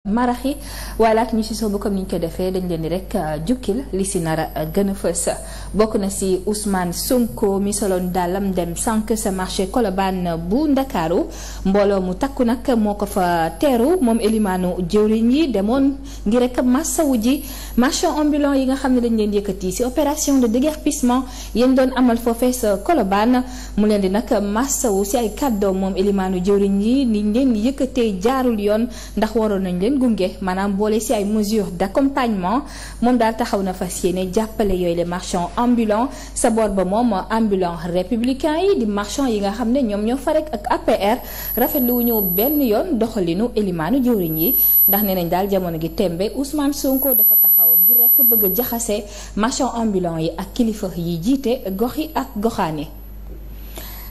maraxi wala ak ñu ci soobu comme ni ñu ko defee dañ leen di rek euh, jukkil li ci nara euh, gën a fës bokk na ci Ousmane Sonko mi soloon dàllam dem sànq sa marché Colobane bu Ndakaaru mbooloo mu takku nag moo ko fa teeru moom élimaanu jëwriñ yi demoon ngir rek massawu ji marchand ambulant nga xam ne dañ leen yëkkati ci opération de déguerpissement yéen doon amal foofee sa Colobane mu leen di nag massawu ci ay kàddoom moom élimaanu jëwriñ yi niñ leen yëkkatee jaarul yoon ndax waroon nañ leen gunge manaam boole si ay mesures d'accompagnement moom daal taxaw na fas yéene jàppale yooyu les marchands ambulants sa boor ba moom ambulant républicain yi di marchand yi nga xam ne ñoom ñoo farek ak APR rafetlu wu ñu benn yoon doxalinu élimaanu jëwriñ yi ndax ne nañ daal jamono gi tembe Ousmane Sonko dafa taxaw ngir rek bëgg a jaxase marchand ambulant yi ak kilifa yi jiite gox yi ak goxaani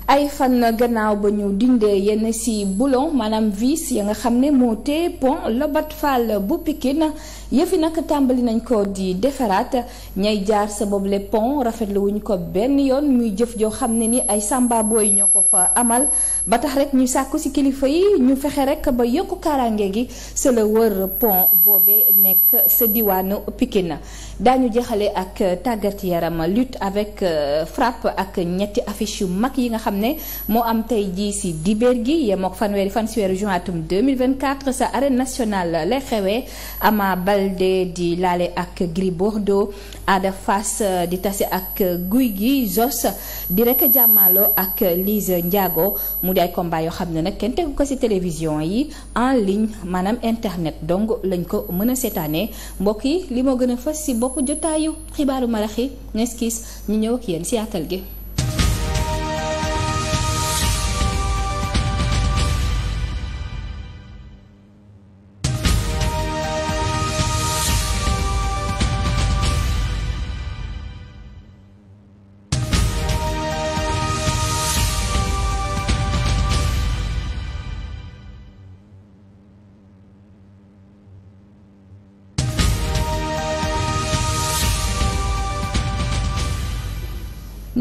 ay fan gannaaw ba ñu dindee yenn ci boulon maanaam vis ya nga xam ne moo tee pont Lobatt Fall bu Pikine yëf yi nag tàmbali nañ ko di defaraat ñay jaar sa boobule pont rafetlu wuñ ko benn yoon muy jëf joo xam ne ni ay samba booy ñoo ko fa amal ba tax rek ñu sàkku ci kilifa yi ñu fexe rek ba yokk kaaraange gi sa wër pont boobee nekk sa diwaanu Pikine daañu jeexale ak tàggat yaram lutte avec euh, frappe ak ñetti affiche yu mag yi nga xam ne moo am tey jii ci dibeer gi yemook fanweeri fan ci weeru juin atum 2024 sa arène nationale lay xewee ama bal Baldé di laale ak Gris Bordeaux Ada Fass euh, di tase ak Guy gi Zos di rek jàmmaloo ak Lise njaago mu di ay combat yoo xam ne nag kenn tegu ko ci télévision yi en ligne maanaam internet donc lañ ko mën a seetaanee mbokk yi li moo gën a fës ci bopp jotaayu xibaaru maraxi neskis ñu ñëw ak yéen ci gi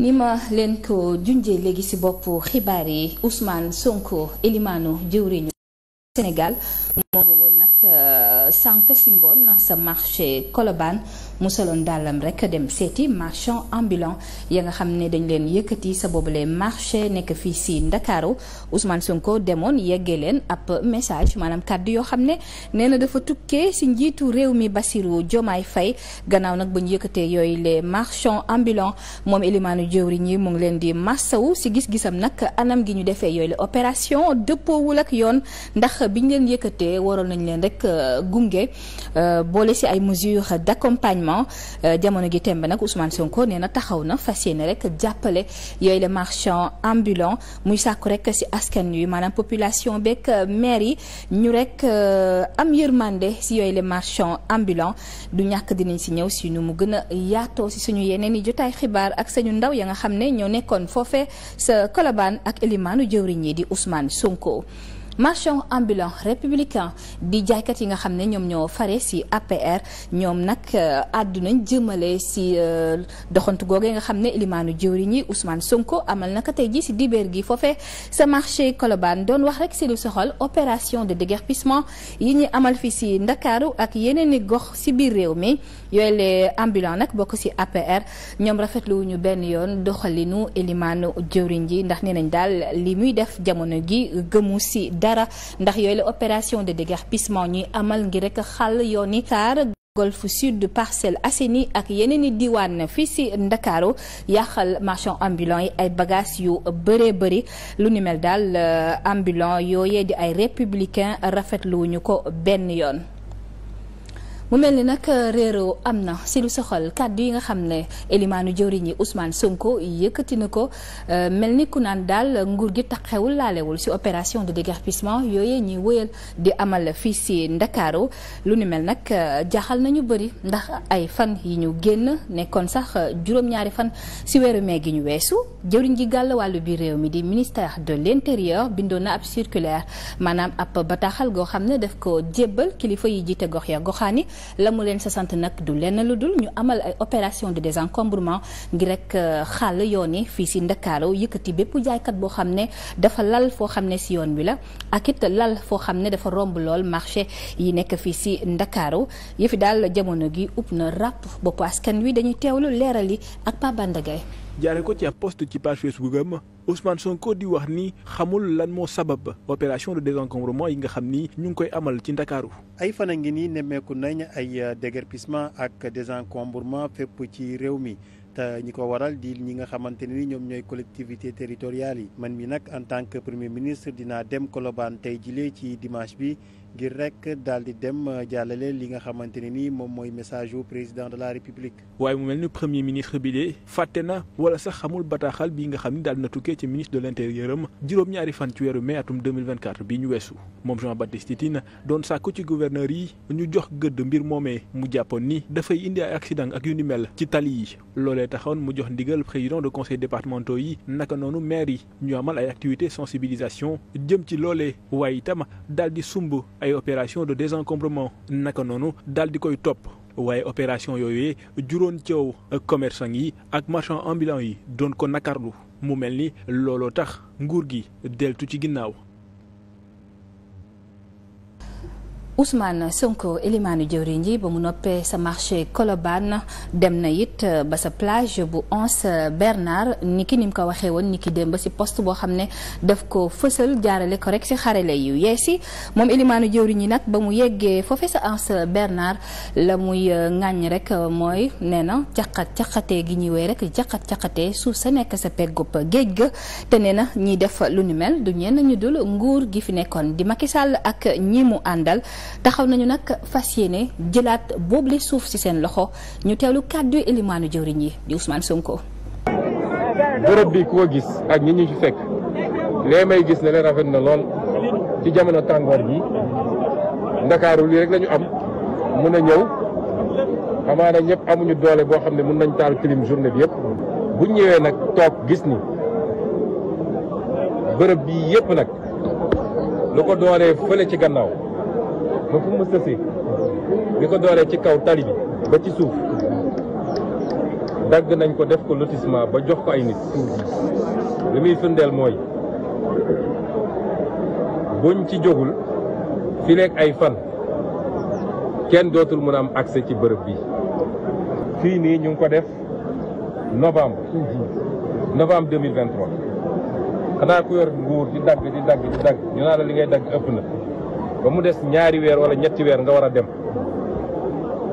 ni ma leen ko junjee léegi ci boppu xibaar yi Ousmane Sonko Elimaanu jëwriñu Sénégal moo nga woon nag euh, sànq si ngoon na sa marché Colobane mu soloon dàllam rek dem seeti marchand ambulant ya nga xam ne dañ leen yëkkati sa boobule marché nekk fii si Ndakaaru Ousmane Sonko demoon yeggee leen ab message maanaam kàdd yoo xam ne nee na dafa tukkee si njiitu réew mi Bassirou Diomaye fay gannaaw nag bañ yëkkatee yooyu les marchands ambulants moom Elimaanu jëwriñ yi mu ngi leen di massawu si gis-gisam nag anam gi ñu defee yooyu la opération dëppoowul ak yoon ndax yooyee waroon nañ leen rek euh, gunge euh, boole si ay mesures d'accompagnement euh, jamono gi tembe nag Ousmane Sonko nee na taxaw na fas yéene rek jàppale yooyu le marchand ambulant muy sàkku rek si askan wi maanaam population beeg maire yi ñu rek am yërmande si yooyu le marchand ambulant du ñàkk dinañ si ñëw si nu mu gën a yaatoo si suñu yeneen i jotaay xibaar ak sañu ndaw ya nga xam ne ñoo nekkoon foofe sa Colobane ak Elimaanu jëwriñ yi di Ousmane Sonko. marchand ambulant républicain di jaaykat yi nga xam ne ñoom ñoo fare si APR ñoom nag euh, àddunañ jëmmale si euh, doxantu googee nga xam ne ilimaanu jëwriñ yi Ousmane Sonko amal naka tey ji si dibéer gi foofee sa marché Colobane doon wax rek si lu soxal opération de déguerpissement yi ñuy amal fi si Ndakaaru ak yeneen i gox si biir réew mi yooyu les ambulant nag bokk si APR ñoom rafetlu wuñu benn yoon doxalinu ilimaanu jëwriñ ji ndax nee nañ daal li muy def jamono gi dara ndax yooyu la opération de déguerpissement ñuy amal ngir rek xàll yooni kaar golf sud Parcelles Assainies ak yeneen i diwaan fii si ndakaaru yàqal marchand ambulant yi ay bagages yu bëree bëri lu ni mel daal euh, ambulant yooyee di ay républicain rafetlu wuñu ko benn yoon mu mel ni nag euh, réeroo am na si lu soxal kàddu yi nga xam ne élimaanu jëwriñ yi Ousmane Sonko yëkkati na ko euh, mel ni ku naan daal nguur gi taxewul laalewul si opération de déguerpissement yooye ñuy wëyal di amal fii si Ndakaaru lu ni mel nag euh, jaaxal nañu bëri ndax ay fan yi ñu génn nekkoon sax juróom-ñaari fan si weeru mee gi ñu weesu jëwriñ ji gàll wàllu biir réew mi di ministère de l'intérieur bindoon na ab circulaire maanaam ab bataaxal goo xam ne def ko jébbal kilifa yi jiite gox ya goxaani la mu leen sa sant nag du lenn lu dul ñu amal ay opération de des désencombrement ngir rek euh, xàll yoon yi fii si ndakaaru yëkkati bépp jaaykat boo xam ne dafa lal foo xam ne si yoon bi la ak it lal foo xam ne dafa romb lool marché yi nekk fii si ndakaaru yëfi daal jamono gi upp na ràpp boppu askan wi dañuy lu leeral yi ak Pape jaare ko ci ab post ci page Facebook am Ousmane Sonko di wax ni xamul lan moo sabab opération de désencombrement yi nga xam ni ñu ngi koy amal ci Ndakaaru ay fan a ngi nii nemmeeku nañ ay euh, déguerpissement ak désencombrement fépp ci réew mi te ñi ko waral di ñi nga xamante ne ni ñoom ñooy collectivité territoriales yi man mi nag en tant que premier ministre dina dem kolobaan tey jilee ci dimanche bi ngir rek daal di dem euh, jàllale li nga xamante ne ni moom mooy message wu président de la république. waaye mu mel ni premier ministre bi de fàtte na wala sax xamul bataaxal bi nga xam ni daal na tukkee ci ministre de l' intérieur am juróom-ñaari fan ci weeru mai atum 2024 bii ñu weesu moom Jean Baptiste Tine doon sàkku ci gouverneur yi ñu jox gëdd mbir moomee mu jàppoon ni dafay indi ay accident ak yu ni mel ci tali yi loolee taxoon mu jox ndigal président de conseil départementaux yi naka noonu maire yi ñu amal ay activités sensibilisation jëm ci loolee waaye itam daal di sumb. ay opération de désencombrement naka noonu daal di koy topp waaye opération yooyu juróon coow commerçant yi ak marchand ambulant yi doon ko nakarlu mu mel ni looloo tax nguur gi deltu ci ginnaaw Ousmane Sonko élimaanu jëwriñ ji ba mu noppee sa marché Colobane dem na it euh, ba sa plage bu Anse Bernard ni ki ni mu ko waxee woon ni ki dem ba si poste boo xam ne daf ko fësal jaarale ko rek si xarale yu yeesi moom élimaanu jëwriñ yi nag ba mu yeggee foofe sa Anse Bernard la muy euh, ŋàññ rek euh, mooy nee na caqat caqatee gi ñuy wéy rek caqat caqatee suuf sa nekk sa peggub géej ga te nee na ñiy def lu ni mel du ñenn ñu dul nguur gi fi nekkoon di Macky Sall ak ñi mu àndal taxaw nañu nag fas yéene jëlaat boobule suuf ci seen loxo ñu teewlu kàddu élimaanu jëwriñ yi di Ousmane Sonko. bërëb bi ko gis ak ñi ñu ci fekk lee may gis ne leen rafet na lool ci jamono tàngoor bi ndakaaru lii rek lañu am mun a ñëw xamaa nañ ñëpp amuñu doole boo xam ne mun nañ taal clim journée bi yëpp bu ñëwee nag toog gis ni bërëb bi yëpp nag lu ko dooree fële ci gannaaw man fu mu sësee bi ko dooree ci kaw tali bi ba ci suuf dagg nañ ko def ko lotissement ba jox ko ay nit li muy firndeel mooy buñ ci jógul fileeg ay fan kenn dootul mun am accès ci bërëb bi fii nii ñu ngi ko def novembre novembre 2023 xanaa ku yor nguur di dagg di dagg di dagg ñu naa la li ngay dagg ëpp na ba mu des ñaari weer wala ñetti weer nga war a dem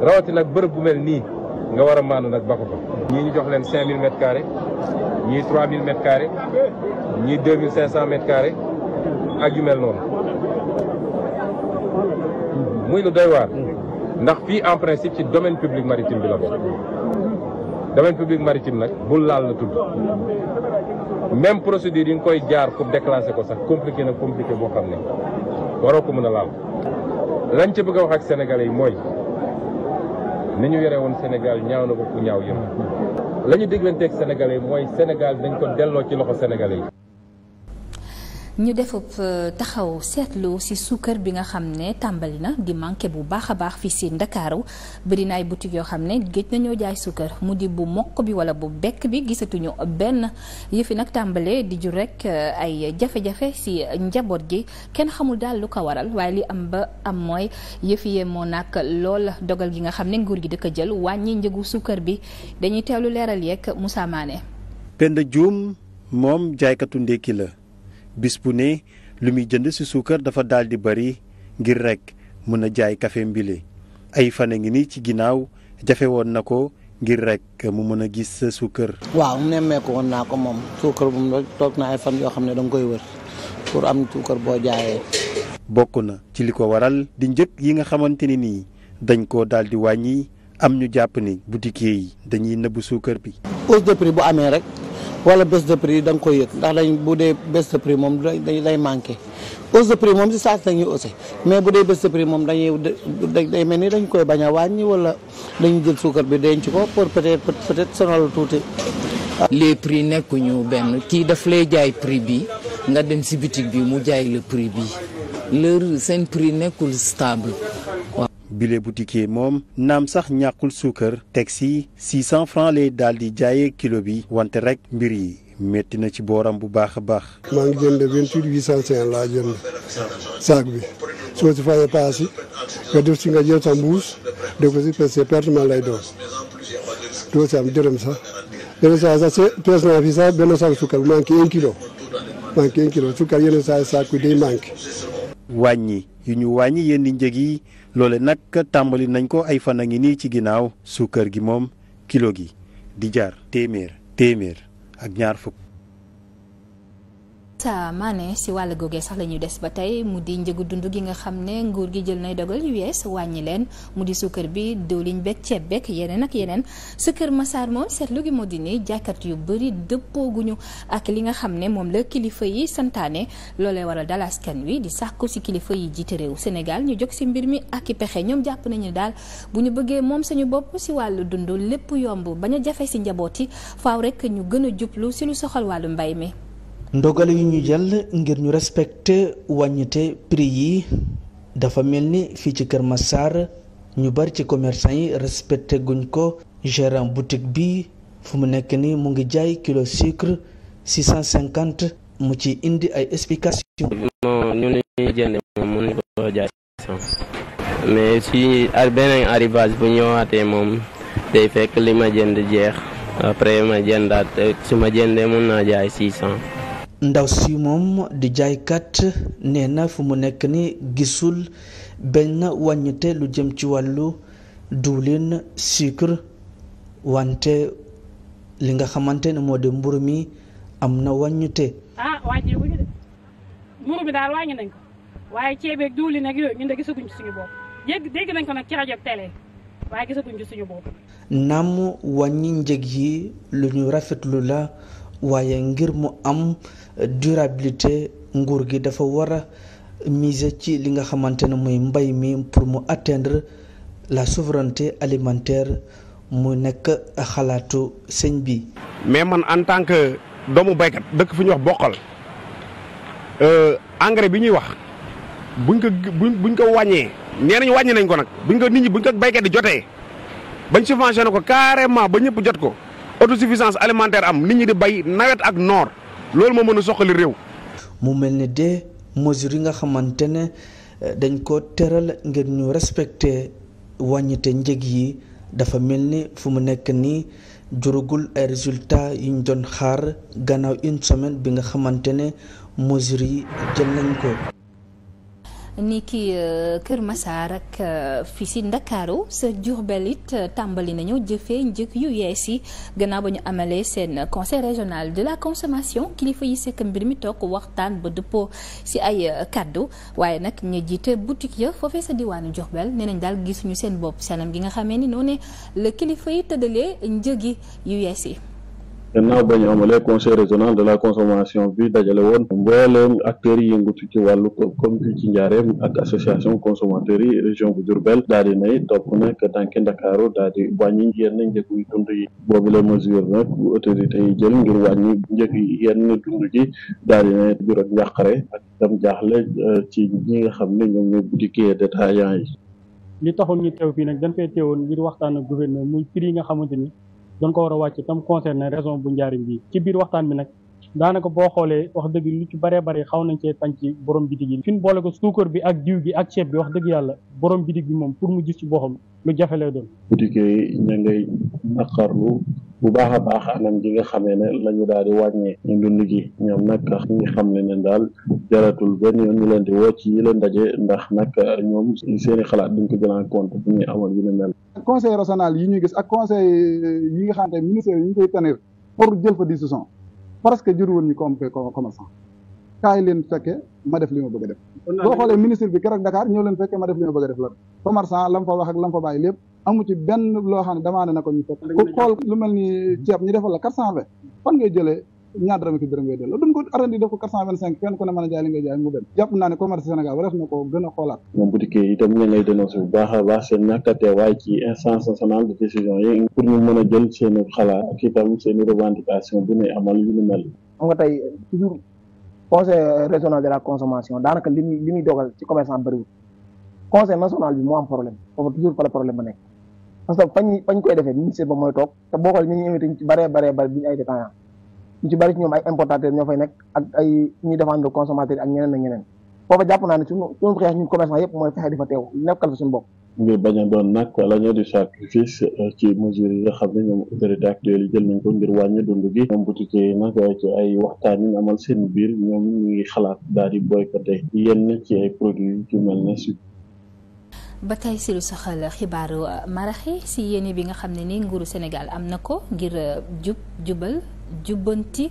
rawati nag bërëb bu mel nii nga war a maanu nag ba ko fa ñii ñu jox leen cinq mille mètres carrés ñii trois mille mètres carrés cinq cent mètres carrés ak yu mel noonu muy lu doy waar ndax fii en principe ci domaine public maritime bi la bokk domaine public maritime nag bul laal la tudd même procédure yi nga koy jaar pour déclasser ko sax compliqué na compliqué boo xam ne waroo ko mën a laal lañ ci bëgg a wax ak sénégalais yi mooy ni ñu yore woon Sénégal ñaaw na ko ku ñaaw yëpp la ñu diglanteeg sénégalais yi mooy Sénégal dañ ko delloo ci loxo sénégalais yi. ñu def euh, taxaw seetlu si suukar bi nga xam ne tàmbali na di manqué bu baax a baax fii si Ndakaaru bëri na ay boutique yoo xam ne géej nañoo jaay suukar mu di bu mokk bi wala bu bekk bi gisatuñu benn yëfi nag tàmbalee di jur rek euh, ay jafe-jafe si njaboot gi kenn xamul daal lu ko waral waaye li am ba am mooy yëfi yee moo nag lool dogal gi nga xam ne nguur gi da ko jël wàññi njëgu suukar bi dañuy teelu leeral yeeg Moussa Mané. Penda Dioum moom jaaykatu ndékki bis bu ne lu muy jënd ci suukar dafa daal di bari ngir rekk mën a jaay kafe mbile ay fan a ngi nii ci ginnaaw jafe woon na ko ngir rekk mu mën a gis sa suukar. waaw nemmeeku woon naa ko moom suukar moom rek toog na ay fan yoo xam ne danga koy wër pour am suukar boo jaayee. bokk na ci li ko waral di njëg yi nga xamante ne nii dañ koo daal di wàññi am ñu jàpp ni boutique yi dañuy nëbbu suukar bi. hausse de prix bu amee rek wala baisse de prix da nga koy yëg ndax dañ bu dee baisse de prix moom dañ lay manqué hausse de prix moom si saa si dañuy mais bu dee baisse de prix moom dañuy day mel ni dañ koy bañ a wàññi wala dañuy jël suukar bi denc ko pour peut-être peut-être sonal tuuti. les prix nekkuñu benn kii daf lay jaay prix bi nga dem si boutique bi mu jaay le prix bi leur seen prix nekkul stable. bile boutiquier moom naam sax ñàkkul suukar teg si 600 francs lay daal di jaayee kilo bi wante rek mbir yi métti na ci booram bu baax a baax. maa ngi jënd 28 805 laa jënd saak bi soo si fayee paas yi nga def si nga jël sa mbuus def ko si parce que pertement lay doon doo si am dërëm sax yenn saa sax pees naa fi sax benn saak suukar manqué un kilo manqué un kilo suukar yenn saa saak bi day manqué. wàññi yu ñu wàññi yenn njëg yi loole nag tàmbali nañ ko ay fan a ngi nii ci ginnaaw suukar gi moom kilo gi di jaar téeméer téeméer ak ñaar fukk Moussa Mané si wàll googee sax la ñuy des ba tey mu di njëgu dund gi nga xam ne nguur gi jël nay dogal yu yees wàññi leen mu di suukar bi diwliñ beeg ceeb beeg yeneen ak yeneen sa kër Massar moom seetlu gi moo di ni jaaykat yu bëri dëppooguñu ak li nga xam ne moom la kilifa yi santaane loolee waral dal askan wi di sàkku si kilifa yi jiite réew Sénégal ñu jóg si mbir mi ak i pexe ñoom jàpp nañu daal bu ñu bëggee moom sañu bopp si wàllu dund lépp yomb ba a jafe si njaboot yi faaw rek ñu gën a jublu si soxal wàllu mbay mi ndogal yu ñu jël ngir ñu respecter wàññite prix yi dafa mel ni fii ci Kër Massar ñu bari ci commerçant yi respecté guñ ko gérant boutique bi fu mu nekk ni mu ngi jaay kilo sucre six cent cinquante mu ci indi ay explication non ñun li ñuy jënd mais si beneen arrivage bu ñëwaatee moom day fekk li ma jënd jeex après ma jëndaat su ma jëndee mën naa jaay six ndaw si moom di jaaykat nee na fu mu nekk ni gisul benn wàññite lu jëm ci wàllu diwlin sucre wante li nga xamante ne moo di mburu mi am na wàññite. ah wàññeekuñu de mburu mi daal wàññi nañ ko waaye ceeb ak diwlin ak yooyu ñun de gisaguñ ci ci suñu bopp. naam wàññi njëg yi lu ñu rafetlu la waaye ngir mu am. durabilité nguur gi dafa war a miser ci li nga xamante ne mooy mbay mi pour mu atteindre la souveraineté alimentaire mu nekk xalaatu sëñ bi. mais man en tant que doomu baykat dëkk fu ñuy wax bokkal euh, engrais bi ñuy wax buñ ko buñ ko wàññee. nee ñu wàññi nañ ko nag buñ ko nit ñi buñ ko baykat di jotee bañ subventionné ko carrément ba ñëpp jot ko autosuffisance alimentaire am nit ñi di bay nawet ak noor. loolu moo mën a soqali réew. mu mel ni de mesures yi nga xamante ne eh, dañ ko tëral ngir ñu respecte wàññite njëg yi dafa mel ni fu mu nekk nii jurugul ay résultats yu ñu doon xaar gannaaw une semaine bi nga xamante ne mesures yi jël nañ ko. ni ki euh, Kër Massar ak euh, fii si Ndakaaru sa Diourbel it euh, tàmbali nañu jëfee njëg yu yees yi gannaaw ba ñu amalee seen conseil régional de la consommation kilifa yi sekk mbir mi toog waxtaan ba dëppoo si ay kaddu waaye nag ñu jiite boutique ya foofee sa diwaanu Diourbel nee nañ daal gisuñu seen bopp sanam gi nga xamee ni noonu la kilifa yi tëddalee njëgi yu yees yi gannaaw ba ñu amalee conseil régional de la consommation bi dajale woon mbooleem acteurs yi yëngatu ci wàllu comme bi ci njaareem ak association consommateurs yi région bu Diourbel daal di nay topp nag tànki Ndakaaru daal di wàññi yenn njëgu dund yi boobu la mesure nag autorité yi jël ngir wàññi njëg yenn dund ji daal di nay ak dam ak tam jaaxle euh, ci ñi nga xam ne ñoom ñooy boutiquiers détaillants yi li taxoon ni teew fii nag dañ fay teewoon ngir waxtaan ak gouverneur muy yi nga xamante ni dañ ko war a wàcc tam concerné raison bu njaarim bi ci biir waxtaan bi nag daanaka boo xoolee wax dëgg lu ci baree bari xaw nañ cee ci borom bitig yi fi ñu boole ko suukar bi ak diw bi ak ceeb bi wax dëgg yàlla borom bitig bi moom pour mu gis ci boppam lu jafe lay doon. boutique yi bu baax a baax anam gi nga xamee ne la ñu daal di wàññee ñu dund gi ñoom nag ñi nga xam ne ne daal jaratul benn yoon ñu leen di woo ci yi leen daje ndax nag ñoom seen i xalaat duñ ko jël en compte bu ñuy amal yu ne mel. conseil régional yi ñuy gis ak conseil yi nga xam ne ministère yi ñu koy tenir pour jël fa décision presque jur woon ñu ko am commerçant kaay leen fekke ma def li ma bëgg a def boo xoolee ministre bi keroog Dakar ñëw leen fekke ma def li ma bëgg a def la commerçant la fa wax ak la fa bàyyi lépp amu ci benn loo xam ne damaa ne na ko ñu fekk ku xool lu mel ni ceeb ñu defal la quatre cent fan ngay jëlee ñaar dërëm ki dërëm ngay ko arrondi def vingt cinq kenn ku ne mën a jaay li a xoolaat baax seen ñàkkatee waaye ci instance nationale de décision yi pour ñu mën a jël seen xalaat ak itam seen revendication bu ne amal yu ñu mel xam nga tey toujours conseil régional de la consommation daanaka li muy li dogal ci commerçant bëriwul conseil national bi moo am problème parce que fañ koy defee ministère ba mooy toog boo xoolee ñu ñu invité ñu ci bëree bëree bëri ñu ci bari ci ñoom ay importateur ñoo fay nekk ak ay ñuy défendre consommateur ak ñeneen ak ñeneen foofa jàpp naa ne suñu suñu xeex ñun commerçant yëpp mooy fexe di fa teew nekkal fa suñu bopp ngir bañ a doon nag wala ñoo di sacrifice euh, ci mesures yi nga xam ne ñoom autorité actuelle yi jël nañ ko ngir wàññi dund gi ñoom boutique yi nag euh, ci ay waxtaan yi amal seen biir ñoom ñu ngi xalaat daal di boycotté yenn ci ay produits yu mel ne su ba tey si lu soxal xibaaru euh, maraxi si yéene bi nga xam ne ni nguuru Sénégal am na ko ngir jub jubal jubbanti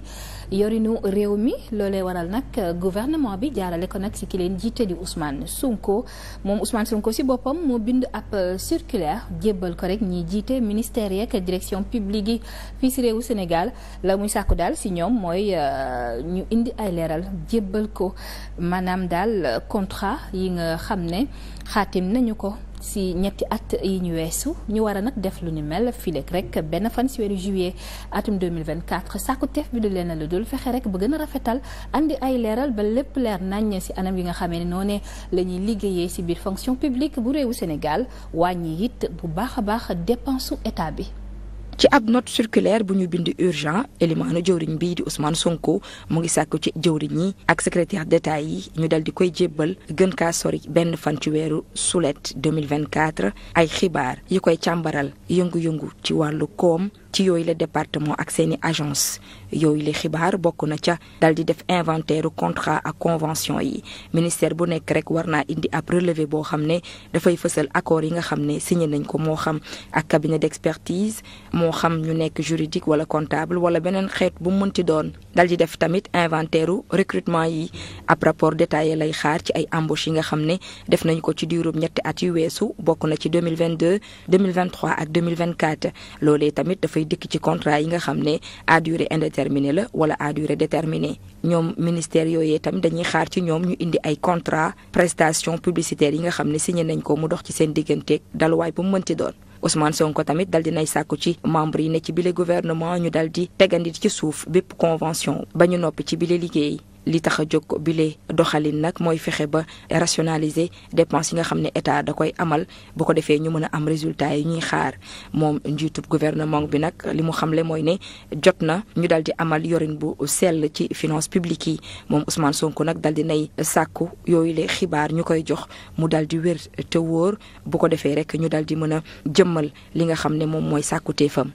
yorinu réew mi loolee waral nag gouvernement bi jaarale ko nag si ki leen jiite di Ousmane Sonko moom Ousmane Sonko si boppam moo bind ab circulaire jébbal ko rek ñiy jiite ministère yeeg direction publique yi fii si réewu Sénégal la muy sàkku daal si ñoom mooy euh, ñu indi ay leeral jébbal ko maanaam daal contrat yi nga xam ne xaatim nañu ko si ñetti at yi ñu weesu ñu war a nag def lu ñu mel fileek rek benn fan si weeru juillet atum 2024 sàkku teef bi du leen la dul fexe rek ba gën a rafetal indi ay leeral ba lépp leer nañ si anam yi nga xamee ne noonee la ñuy liggéeyee si biir fonction publique bu réewu Sénégal wàññi it bu baax a baax dépensu état bi. ci ab note circulaire bu ñu bind urgent élimaanu jëwriñ bii di Ousmane Sonko mu ngi sàkk ci jëwriñ yi ak secrétaire d'État yi ñu dal di koy jébbal gën kaa sori benn fan ci weeru sulet 2024 ay xibaar yi koy càmbaral yëngu-yëngu ci wàllu koom ci yooyu la département ak seeni agence yooyu la xibaar bokk na ca dal di def inventaire contrat ak convention yi ministère bu nekk rek war naa indi ab relevé boo xam ne dafay fësal accord yi nga xam ne signé nañ ko moo xam ak cabinet d'expertise moo xam ñu nekk juridique wala comptable wala beneen xeet bu mënti doon dal di def tamit inventaire recrutement yi ab rapport détaillé lay xaar ci ay embauche yi nga xam ne def nañ ko ci diirub ñetti at yu weesu bokk na ci 2022 2023 ak 2024 loolee tamit dafay dikk ci contrat yi nga xam ne à indéterminé la wala à durée déterminée ñoom ministère yooyu itam dañuy xaar ci ñoom ñu indi ay contrat prestation publicitaire yi nga xam ne signé nañ ko mu dox ci seen digganteeg daluwaay bu mu mënti doon Ousmane ko tamit dal di nay sàkku ci membre yi ne ci bile gouvernement ñu dal di tegandi ci suuf bépp convention ba ñu noppi ci bile liggéey li tax a jóg bile doxalin nag mooy fexe ba rationaliser dépense yi nga xam ne état da koy amal bu ko defee ñu mën a am résultat yi ñuy xaar moom njiitub gouvernement bi nag li mu xam xamle mooy ne jot na ñu dal di amal yorin bu sell ci finance publique yi moom Ousmane Sonko nag dal di nay sàkku yooyu le xibaar ñu koy jox mu dal di wér te wóor bu ko defee rek ñu dal di mën a jëmmal li nga xam ne moom mooy sàkkuteefam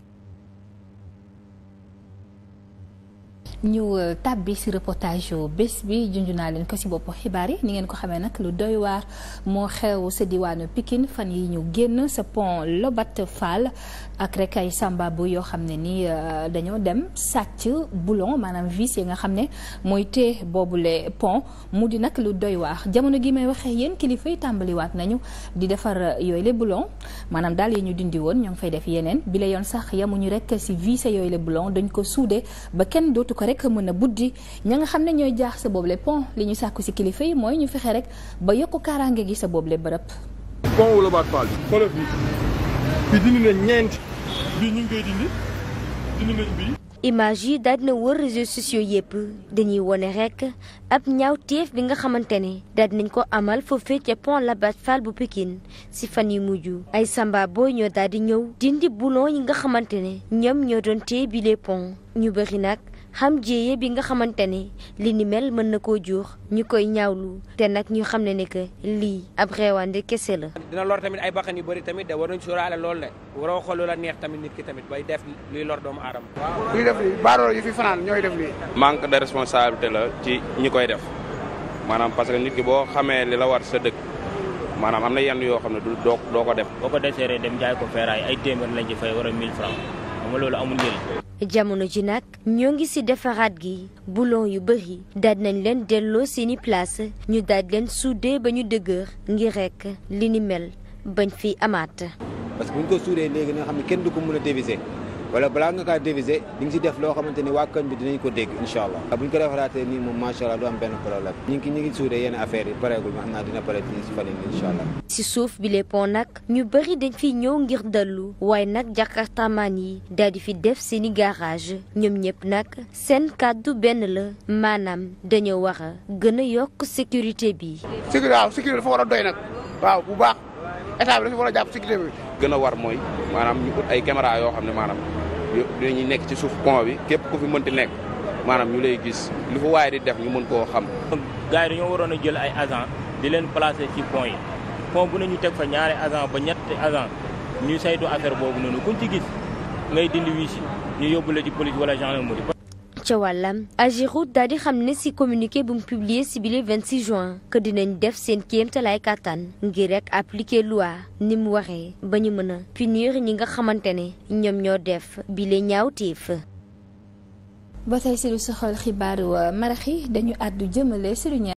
ñu euh, tàbbi ci reportage yu bés bi junj naa leen ko ci boppu xibaar yi ni ngeen ko xamee nag lu doy waar moo xew sa diwaanu Pikine fan yi ñu génn sa pont Lobat Fall ak rek ay sambabu yoo xam ne ni euh, dañoo dem sàcc boulon maanaam vise yi nga xam ne mooy tee boobule pont mu di nag lu doy waax jamono gi may waxee yéen kilifa yi tàmbaliwaat nañu di defar euh, yooyu le boulon maanaam dal yi ñu dindi woon ñoo ngi fay def yeneen bi la yoon sax yamuñu rek si vis yooyu le boulon dañ ko suude ba kenn dootu ko rek mën a buddi ña nga xam ne ñooy jaax sa boobule pont li ñu sàkku si kilifa yi mooy ñu fexe rek ba yokk kaaraange gi sa boobule bërëb. image yi daal na wër réseaux sociaux yëpp dañuy wone rekk ab ñaaw teef bi nga xamante ne daal dinañ ko amal foofee ca pont L'aAbache Fall bu pikin ci fan yu mujj ay samba booy ñoo daal di ñëw dindi boulon yi nga xamante ne ñoom ñoo doon téye bile pont ñu bëri nag. xam jéeye bi nga xamante ne li ni mel mën na koo jox ñi koy ñaawlu te nag ñu xam ne ne que lii ab xeewaande kese la. dina lor tamit ay bakkan yu bëri tamit da war nañ sóoraale lool de waroo xool la neex tamit nit ki tamit bay def luy lor doomu aadama. kuy def lii baadoolo yi fi fanaan ñooy def lii. manque de responsabilité la ci ñi koy def maanaam parce que nit ki boo xamee li la war sa dëkk. maanaam am na yenn yoo xam ne du doo doo ko def. boo ko deseeree dem jaay ko feeraay ay téeméer lañ ci war a 1000 francs xam nga ji nag ñoo ngi ci defaraat gi boulon yu bëri daaj nañ leen delloo seeni place ñu daaj leen suudee ba ñu dëgër ngir rekk li ni mel bañ fi amaat. parce que bu ñu ko suuree léegi nga xam ne kenn du ko mën a wala balaa nga kaa diviser di nga si def loo xamante ni waa koñ bi dinañ ko dégg incha allah bu ñu ko defaraatee nii moom macha allah du benn problème ñu ngi ñu ci fan yi incha allah si suuf bi les nag ñu bëri dañ fi ñëw ngir dallu waaye nag jakartamaan yi daal fi def seeni garage ñoom ñëpp nag seen kàddu benn la maanaam dañoo war a gën a yokk sécurité bi. sécurité waaw sécurité dafa war a doy nag waaw bu baax état bi dafa war a jàpp sécurité bi. gën a war mooy maanaam ñu ut ay caméra yoo xam ne maanaam ñu nekk ci suuf pont bi képp ku fi mënti nekk maanaam ñu lay gis lu fu waaye di def ñu mën koo xam. gars yi waroon a jël ay agent di leen placer ci pont yi pont bu ne ñu teg fa ñaari agent ba ñetti agent ñu saytu affaire boobu noonu kuñ ci gis ngay dindi wii si ñu yóbbu la ci police wala gendarmerie. ca wàllam Ageroute daal di xam ne si communiqué bu mu publier si bile 26 juin que dinañ def seen kéemtalaay kàttan ngir rek appliquer loi ni mu waxee ba ñu mën a punir ñi nga xamante ne ñoom ñoo def bile ñaawteef. ba tey si lu soxal xibaaru uh, marax dañu àddu jëmale si lu